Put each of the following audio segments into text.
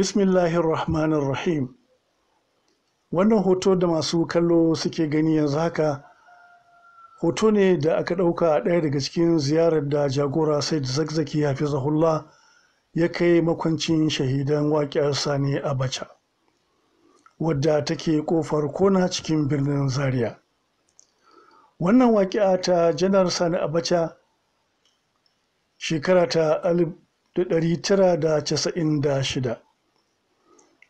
Bismillahir Rahmanir Rahim. Wannan hoto da masu kallo suke gani yanzu haka hoto ne da aka ɗauka a ɗaya daga cikin ziyarar da jagora Said Zakzaki Hafizahullah ya kai makwancin shahidan waƙiyar Sani Abacha wadda take ƙofar kona cikin birnin Zaria. Wannan waƙiya ta Janar Sani Abacha shekara ta 1996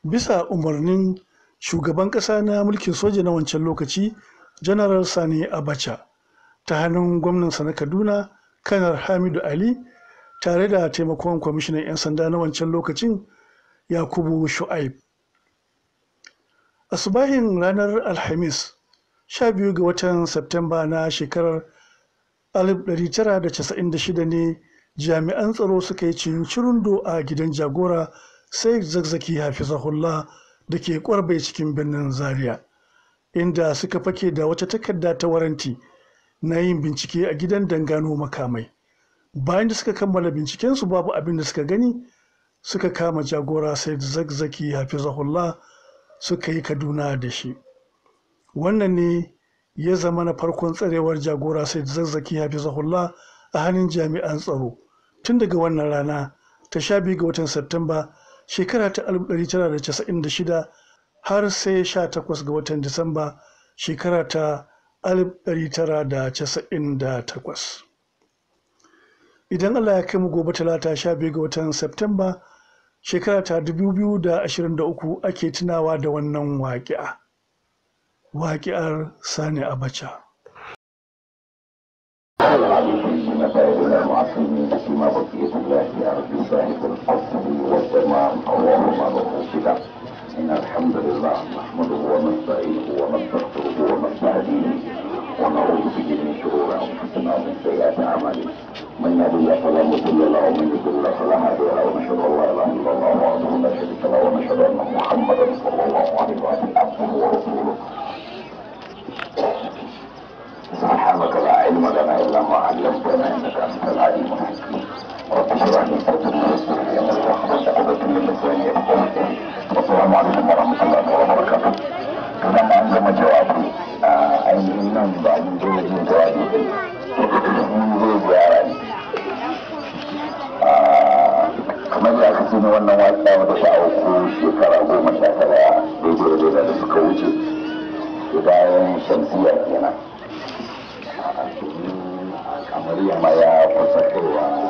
bisa umarnin shugaban ƙasa na mulkin soja na wancan lokaci janaral sani abacha ta hannun gwamnansa na kaduna kanar hamidu ali tare da taimakon kwamishinan 'yan sanda na wancan lokacin yakubu shu'aib asubahin ranar alhamis 12 ga watan Septemba na shekarar 1996 ne jami'an tsaro suka yi cin a gidan jagora sai zazzaki zakzaki hafizahullah da ke kwarbe cikin birnin zaria inda suka fake da wata takarda ta waranti na yin bincike a gidan dangano makamai bayan da suka kammala bincikensu babu abin da suka gani suka kama jagora sai zazzaki hafizahullah suka yi kaduna da shi wannan ne ya zama na farkon tsarewar jagora sai zazzaki hafizahullah a hannun jami'an tsaro tun daga wannan rana ta sha biyu ga watan Satumba shekara ta 1996 har sai 18 ga watan Disamba shekara ta 1998. Idan Allah ya kai mu gobe talata 12 ga watan Septemba shekara ta 2023 ake tunawa da wannan waƙi'a. Waƙi'ar Sani Abacha. ما بقيت الله أرجو ذلك الفصل والتمام اللهم بخوفك إن الحمد لله نحمده ونستعينه ونستغفره ونستهديه ونعوذ به من شرور أنفسنا ومن سيئات أعمالنا من يهدي الله فلا مضل له ومن يضلل فلا هادي له ونشهد أن لا إله إلا الله وحده لا شريك له ونشهد أن محمدا صلى الله عليه وسلم عبده ورسوله سبحانك لا علم لنا إلا ما علمتنا إنك أنت العليم الحكيم Assalamu alaikum warahmatullahi jawabi a ainihin nan ba mun je wajen jawabi din. Kamar da aka ce shekara goma sha tara da suka wuce. Bayan shamsiya kenan. yamma ya kusa kaiwa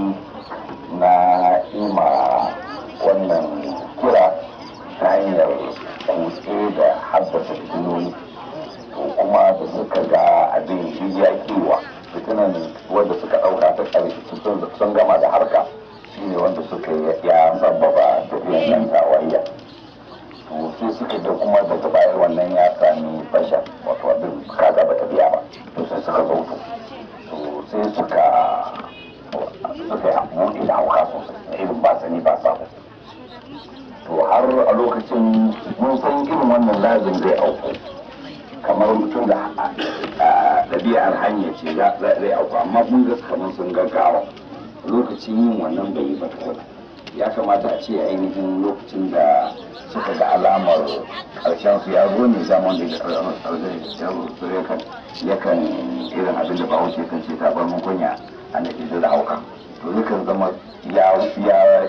sabbaba tafiyan nan tawayya to sai suka da kuma ta bayar wannan ya sami fasha wato abin ka ba ta biya ba to sai suka zo to sai suka suka abu da hauka sosai irin ba sani ba sabo to har a lokacin mun san irin wannan lazin zai auku kamar mutum da ɗabi'ar hanya ce zai auku amma mun ga sun gaggawa lokacin yin wannan bai yi ba ya kamata a ce ainihin lokacin da suka ga alamar karshen su ya zo ne zaman da yakan irin abin da bawo ce kan ce ta bar kunya a na ke zira hauka to yakan zama ya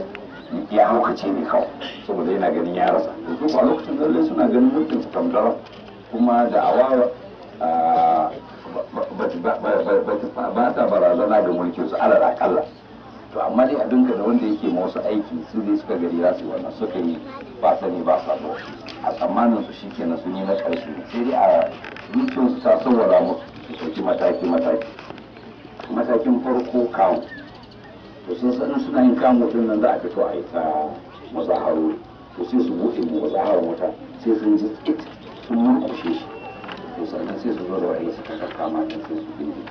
ya haukace ne kawo saboda yana ganin ya rasa to su kwa lokacin zalle suna ganin mutum su kamdara kuma da awa ba ta barazana ga mulkin su alal akalla to amma dai ka da wanda yake wasu aiki su ne suka gari za su wannan suka yi ba sani ba sabo a tsammanin su kenan sun yi na karshe sai dai a zuciyar su ta saurara musu su ɗauki mataki mataki matakin farko kawo to sun sanin suna yin kawo din nan za a fito a yi ta mazaharo to sai su buɗe mu mazahar wata sai sun ji tsit sun murƙushe shi to sannan sai su zo da wani su kaka kama sai su bindi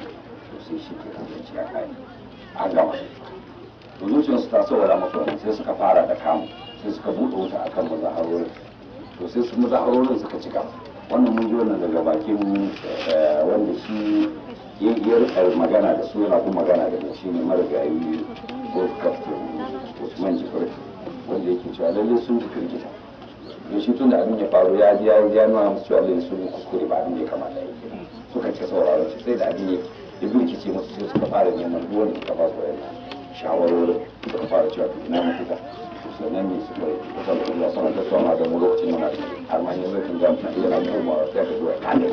to sai shi ke kasance a kai an gama su ta saurara masu wani sai suka fara da kamu sai suka buɗe wuta a kan mazaharorin to sai su mazaharorin suka cika wannan mun ji wannan daga bakin eh, wanda shi ya rika magana da su yana kuma magana da shi ne marigayi ko kaftin usman jibril wanda yake cewa lallai sun ji firgita da shi tun da abin ya faru ya ji ya nuna musu cewa lallai sun kuskure ba abin da ya kamata ya yi suka ce sauraron sai da abin ya birkice musu sai suka fara neman duk wanda suka ba su wayan shawarwari da ka fara cewa ina mafita sannan ne su kai kusa da kuma suna tattauna da mu lokacin muna har ma yanzu kan zamu iya na koma sai ka zuwa kana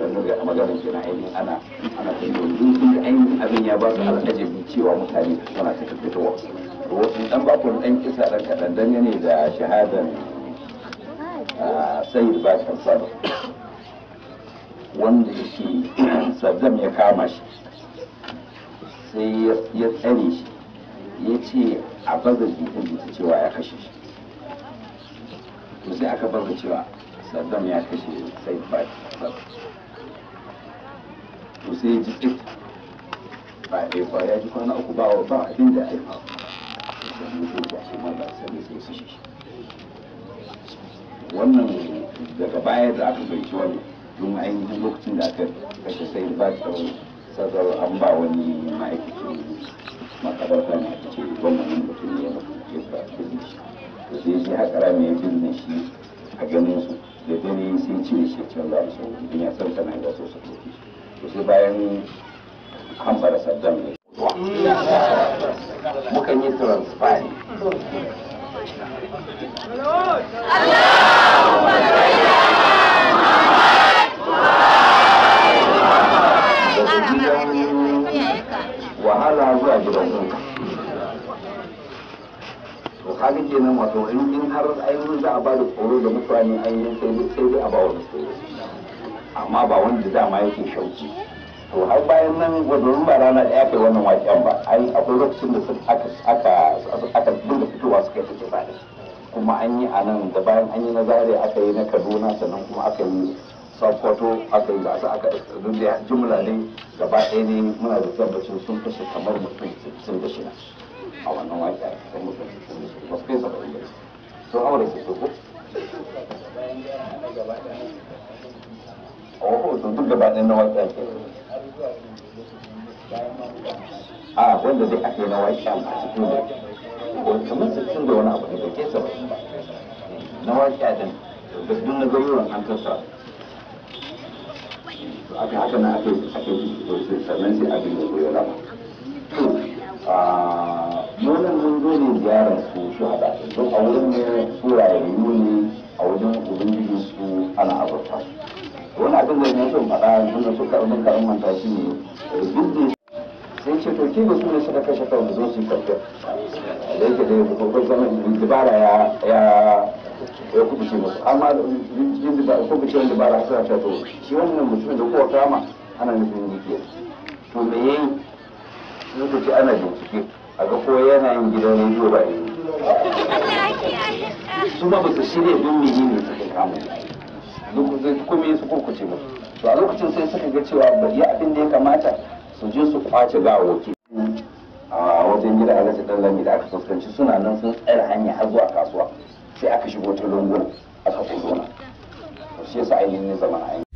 ranar da maganin kenan ainihin ana ana kai yanzu sun ainihin abin ya ba su al'ajabi cewa mutane suna ta fitowa wasu dan bakon dan kisa dan kadan dangane da shahadan sayyid bakar sadiq wanda shi saddam ya kama shi sai ya tsare shi ya ce a baza jita-jita cewa ya kashe shi to sai aka baza cewa saddam ya kashe sai ba to sai ya ji tsit ba ɗaya ba ya ji kwana uku ba ba abin da ya yi ba wannan daga baya da aka bai shi wani domin ainihin lokacin da aka kashe sai ba ta wani sassaro an ba wani ma'aikacin makabarta ne ake ce wannan mutum ne ya mutu ba bin shi to sai shi haƙara mai bin na shi a ganin su da dare sai ce shi can za su idan ya san tana da so su ɗauki to sai bayan an hambara saddam ne mukan yi transfer Allah to kaga kenan wato in har ainihin za a ba da tsoro da mutane ainihin sai dai a ba wani tsoro amma ba wanda dama yake shauki to har bayan nan gwadorin ba rana ɗaya kai wannan waƙen ba ai akwai lokacin da aka aka aka dinga fitowa suka fita ba kuma an yi a nan da bayan an yi na zare aka yi na kaduna sannan kuma aka yi sokoto aka yi gasa aka jumla ne gaba ɗaya ne muna da tabbacin sun kashe kamar mutum sun da na. a wannan waƙar da muka ba su kai saba'in ba sun aure su su ko a wakon su duk gaba ɗaya na waƙar ke a wanda dai aka yi na waƙar a cikin da wani kamar sittin da wani abu ne bai kai saba'in ba na waƙar din da duk na garuruwan an tasa aka haka na aka yi sannan sai abin da ya rama nonon mun zo ne ziyarar su su haɗa don a wurin ne su yi ne a wajen ubangiji su ana abarta wani abin da ne sun faɗa tun da suka ɗan karin manta shi ne sai ce to da su ne zo su da yake da kokon dubara ya ya ya musu amma dubara dubara suna ta to shi wannan mutum da kowa kama ana nufin to me yayi lokaci ana bincike a ga ko yana yin gidan rediyo ba ne eh. su ba su shirya don mene ne suka kama lokacin kuma su kurkuce musu to a lokacin sai suka ga cewa bari abin da ya kamata su je su kwace gawoki a wajen gida alhaji dan lami da aka fuskanci suna nan sun tsayar hanya har zuwa kasuwa sai aka shigo ta lungun aka kuzona to shi yasa ainihin zama a